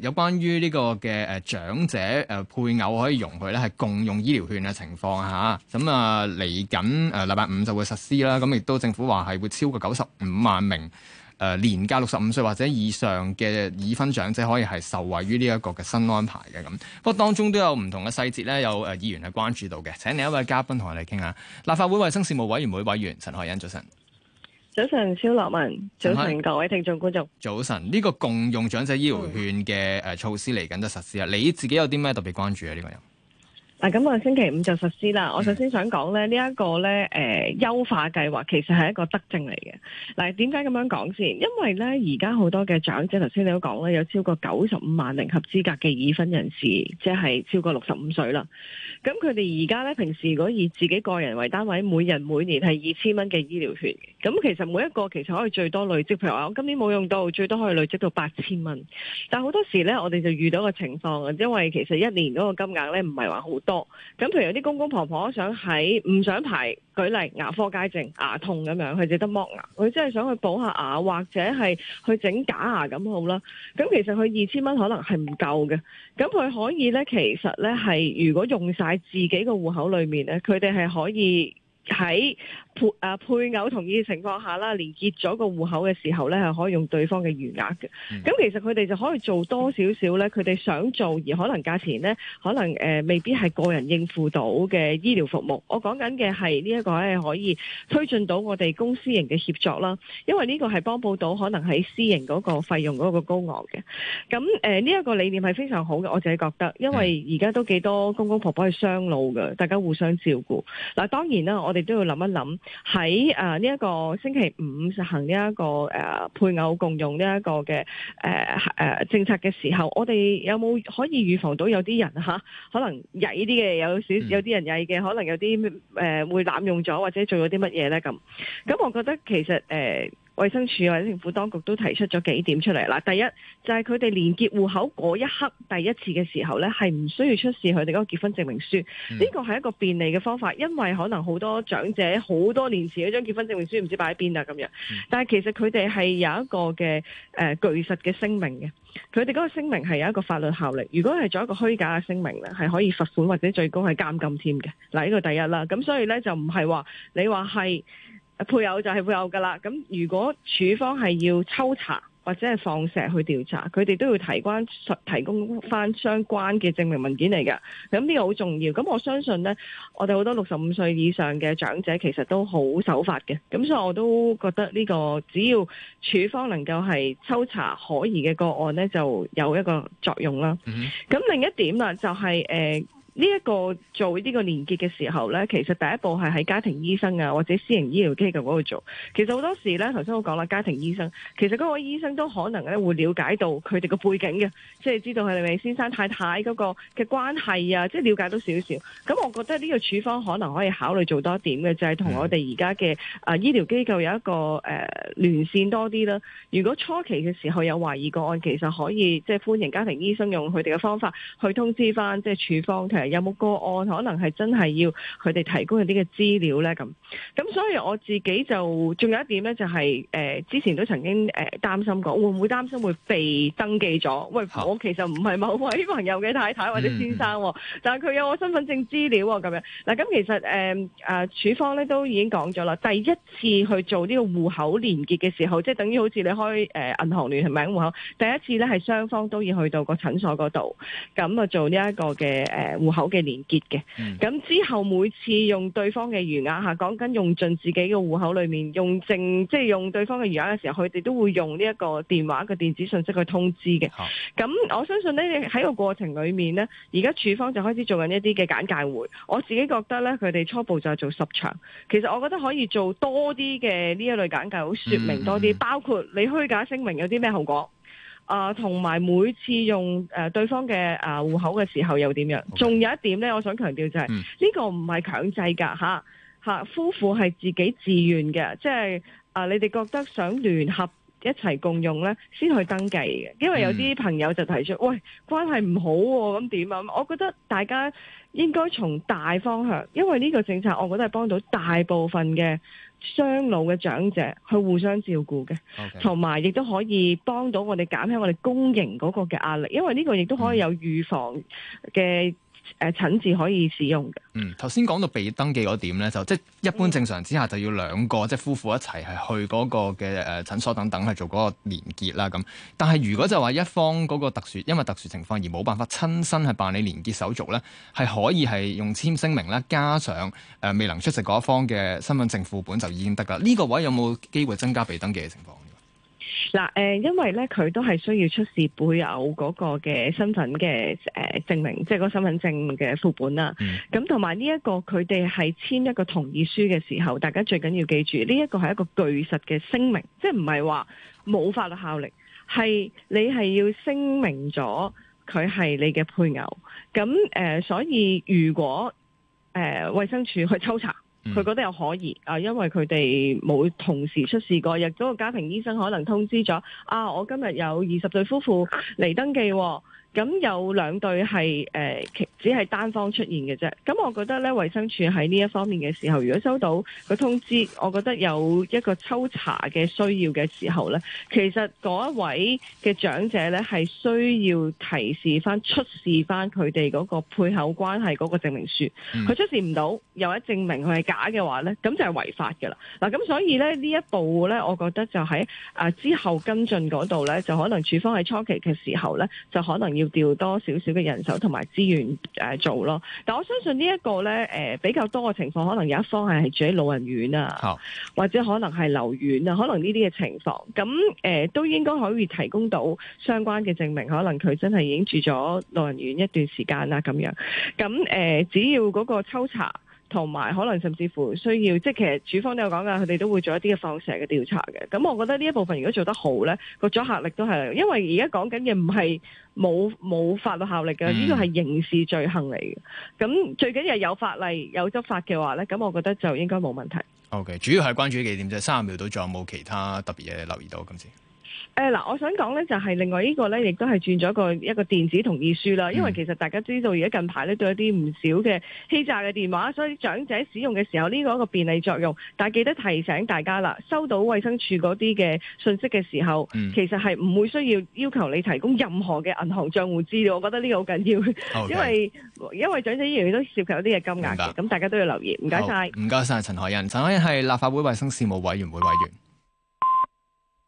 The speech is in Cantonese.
有關於呢個嘅誒長者誒配偶可以容許咧係共用醫療券嘅情況吓，咁啊嚟緊誒禮拜五就會實施啦。咁亦都政府話係會超過九十五萬名誒、呃、年屆六十五歲或者以上嘅已婚長者可以係受惠於呢一個嘅新安排嘅咁。不過當中都有唔同嘅細節咧，有誒議員係關注到嘅。請另一位嘉賓同我哋傾下，立法會衛生事務委員會委員陳凱欣早晨。早晨，肖樂文。早晨，早晨各位聽眾觀眾。早晨，呢、呢個共用長者醫療券嘅誒措施嚟緊都實施啊，你自己有啲咩特別關注啊？呢個樣？嗱，咁我、啊、星期五就實施啦。我首先想講咧，呢、這、一個咧，誒、呃、優化計劃其實係一個德政嚟嘅。嗱，點解咁樣講先？因為咧，而家好多嘅長者，頭先你都講咧，有超過九十五萬零合資格嘅已婚人士，即係超過六十五歲啦。咁佢哋而家咧，平時如果以自己個人為單位，每人每年係二千蚊嘅醫療券。咁其實每一個其實可以最多累積，譬如話我今年冇用到，最多可以累積到八千蚊。但好多時咧，我哋就遇到個情況，因為其實一年嗰個金額咧唔係話好。咁，譬如有啲公公婆婆想喺唔想排，舉例牙科街症、牙痛咁樣，佢只得剝牙，佢真係想去補下牙，或者係去整假牙咁好啦。咁其實佢二千蚊可能係唔夠嘅，咁佢可以呢？其實呢係如果用晒自己個戶口裏面咧，佢哋係可以喺。配配偶同意嘅情況下啦，連結咗個戶口嘅時候呢，係可以用對方嘅餘額嘅。咁其實佢哋就可以做多少少呢？佢哋想做而可能價錢呢，可能誒未必係個人應付到嘅醫療服務。我講緊嘅係呢一個係可以推進到我哋公私營嘅協作啦，因為呢個係幫補到可能喺私營嗰個費用嗰個高昂嘅。咁呢一個理念係非常好嘅，我淨係覺得，因為而家都幾多公公婆婆係雙老嘅，大家互相照顧。嗱當然啦，我哋都要諗一諗。喺誒呢一個星期五實行呢，這、一個誒、呃、配偶共用呢一個嘅誒誒政策嘅時候，我哋有冇可以預防到有啲人吓可能曳啲嘅有少有啲人曳嘅，可能有啲誒、呃、會濫用咗或者做咗啲乜嘢咧？咁咁我覺得其實誒。呃衛生署或者政府當局都提出咗幾點出嚟啦。第一就係佢哋連結戶口嗰一刻第一次嘅時候呢係唔需要出示佢哋嗰個結婚證明書。呢個係一個便利嘅方法，因為可能好多長者好多年前嗰張結婚證明書唔知擺喺邊啊咁樣。但係其實佢哋係有一個嘅誒據實嘅聲明嘅，佢哋嗰個聲明係有一個法律效力。如果係做一個虛假嘅聲明呢係可以罰款或者最高係監禁添嘅。嗱、這、呢個第一啦，咁所以呢，就唔係話你話係。配偶就係配偶噶啦，咁如果處方係要抽查或者係放石去調查，佢哋都要提關提供翻相關嘅證明文件嚟㗎。咁呢個好重要。咁我相信呢，我哋好多六十五歲以上嘅長者其實都好守法嘅，咁所以我都覺得呢個只要處方能夠係抽查可疑嘅個案呢，就有一個作用啦。咁另一點啦、就係，就、呃、係呢一個做呢個連結嘅時候呢，其實第一步係喺家庭醫生啊，或者私人醫療機構嗰度做。其實好多時呢，頭先我講啦，家庭醫生其實嗰位醫生都可能咧會了解到佢哋嘅背景嘅，即係知道係咪先生太太嗰個嘅關係啊，即係了解到少少。咁我覺得呢個處方可能可以考慮做多點嘅，就係同我哋而家嘅啊醫療機構有一個誒聯線多啲啦。如果初期嘅時候有懷疑個案，其實可以即係歡迎家庭醫生用佢哋嘅方法去通知翻，即係處方有冇個案可能係真係要佢哋提供一啲嘅資料咧？咁咁，所以我自己就仲有一點咧、就是，就係誒之前都曾經誒、呃、擔心過，會唔會擔心會被登記咗？喂，好我其實唔係某位朋友嘅太太或者先生，嗯、但係佢有我身份證資料咁樣。嗱，咁其實誒、呃、啊，處方咧都已經講咗啦，第一次去做呢個戶口連結嘅時候，即、就、係、是、等於好似你開誒、呃、銀行聯名戶口，第一次咧係雙方都要去到個診所嗰度咁啊，就做呢一個嘅誒。呃口嘅連結嘅，咁、嗯、之後每次用對方嘅餘額吓，講緊用盡自己嘅戶口裏面用剩，即、就、係、是、用對方嘅餘額嘅時候，佢哋都會用呢一個電話嘅電子信息去通知嘅。咁好我相信呢，喺個過程裏面呢，而家處方就開始做緊一啲嘅簡介會。我自己覺得呢，佢哋初步就係做十場，其實我覺得可以做多啲嘅呢一類簡介，好說明多啲，嗯嗯，包括你虛假聲明有啲咩後果。啊，同埋每次用誒對方嘅誒戶口嘅時候又點樣？仲 Okay，有一點咧，我想強調就係呢個、嗯、唔係強制㗎，吓吓，夫婦係自己自願嘅，即係啊，你哋覺得想聯合。一齊共用呢，先去登記嘅，因為有啲朋友就提出，嗯、喂，關係唔好喎、啊，咁點啊？我覺得大家應該從大方向，因為呢個政策，我覺得係幫到大部分嘅雙老嘅長者去互相照顧嘅，同埋亦都可以幫到我哋減輕我哋公營嗰個嘅壓力，因為呢個亦都可以有預防嘅。誒，診治可以使用嘅。嗯，頭先講到被登記嗰點咧，就即係一般正常之下就要兩個即係、就是、夫婦一齊係去嗰個嘅誒診所等等，去做嗰個連結啦。咁但係如果就話一方嗰個特殊，因為特殊情況而冇辦法親身係辦理連結手續咧，係可以係用簽聲明啦，加上誒未能出席嗰方嘅身份證副本就已經得㗎。呢、這個位置有冇機會增加被登記嘅情況？嗱，誒，因為咧，佢都係需要出示配偶嗰個嘅身份嘅誒證明，即係嗰個身份證嘅副本啦。咁同埋呢一個，佢哋係簽一個同意書嘅時候，大家最緊要記住，呢一個係一個據實嘅聲明，即係唔係話冇法律效力，係你係要聲明咗佢係你嘅配偶。咁誒，所以如果誒衛生署去抽查。佢、嗯、覺得有可疑，啊，因為佢哋冇同時出事過，亦嗰個家庭醫生可能通知咗啊，我今日有二十對夫婦嚟登記喎、哦。咁有兩對係誒、呃，只係單方出現嘅啫。咁我覺得咧，衛生署喺呢一方面嘅時候，如果收到個通知，我覺得有一個抽查嘅需要嘅時候咧，其實嗰一位嘅長者咧係需要提示翻出示翻佢哋嗰個配偶關係嗰個證明書，佢、嗯、出示唔到，又一證明佢係假嘅話咧，咁就係違法㗎啦。嗱，咁所以咧呢一步咧，我覺得就喺啊之後跟進嗰度咧，就可能處方喺初期嘅時候咧，就可能要。要調多少少嘅人手同埋資源誒、呃、做咯，但我相信呢一個呢誒、呃、比較多嘅情況，可能有一方係係住喺老人院啊，oh. 或者可能係留院啊，可能呢啲嘅情況，咁誒、呃、都應該可以提供到相關嘅證明，可能佢真係已經住咗老人院一段時間啦，咁樣，咁誒、呃、只要嗰個抽查。同埋可能甚至乎需要，即其實主方都有講噶，佢哋都會做一啲嘅放射嘅調查嘅。咁我覺得呢一部分如果做得好咧，個阻嚇力都係，因為而家講緊嘅唔係冇冇法律效力嘅，呢個係刑事罪行嚟嘅。咁最緊要係有法例有執法嘅話咧，咁我覺得就應該冇問題。OK，主要係關注幾點，就係三十秒度，仲有冇其他特別嘢留意到今次？嗱、呃，我想講咧，就係另外一個呢個咧，亦都係轉咗一個電子同意書啦。因為其實大家知道，而家近排咧都有一啲唔少嘅欺詐嘅電話，所以長者使用嘅時候呢個一個便利作用，但係記得提醒大家啦，收到衛生處嗰啲嘅信息嘅時候，嗯、其實係唔會需要要求你提供任何嘅銀行賬戶資料。我覺得呢個好緊要，Okay. 因為因為長者依然都涉及有啲嘅金額嘅，咁白大家都要留意。唔該晒。唔該晒陳凱欣，陳凱欣係立法會衛生事務委員會委員。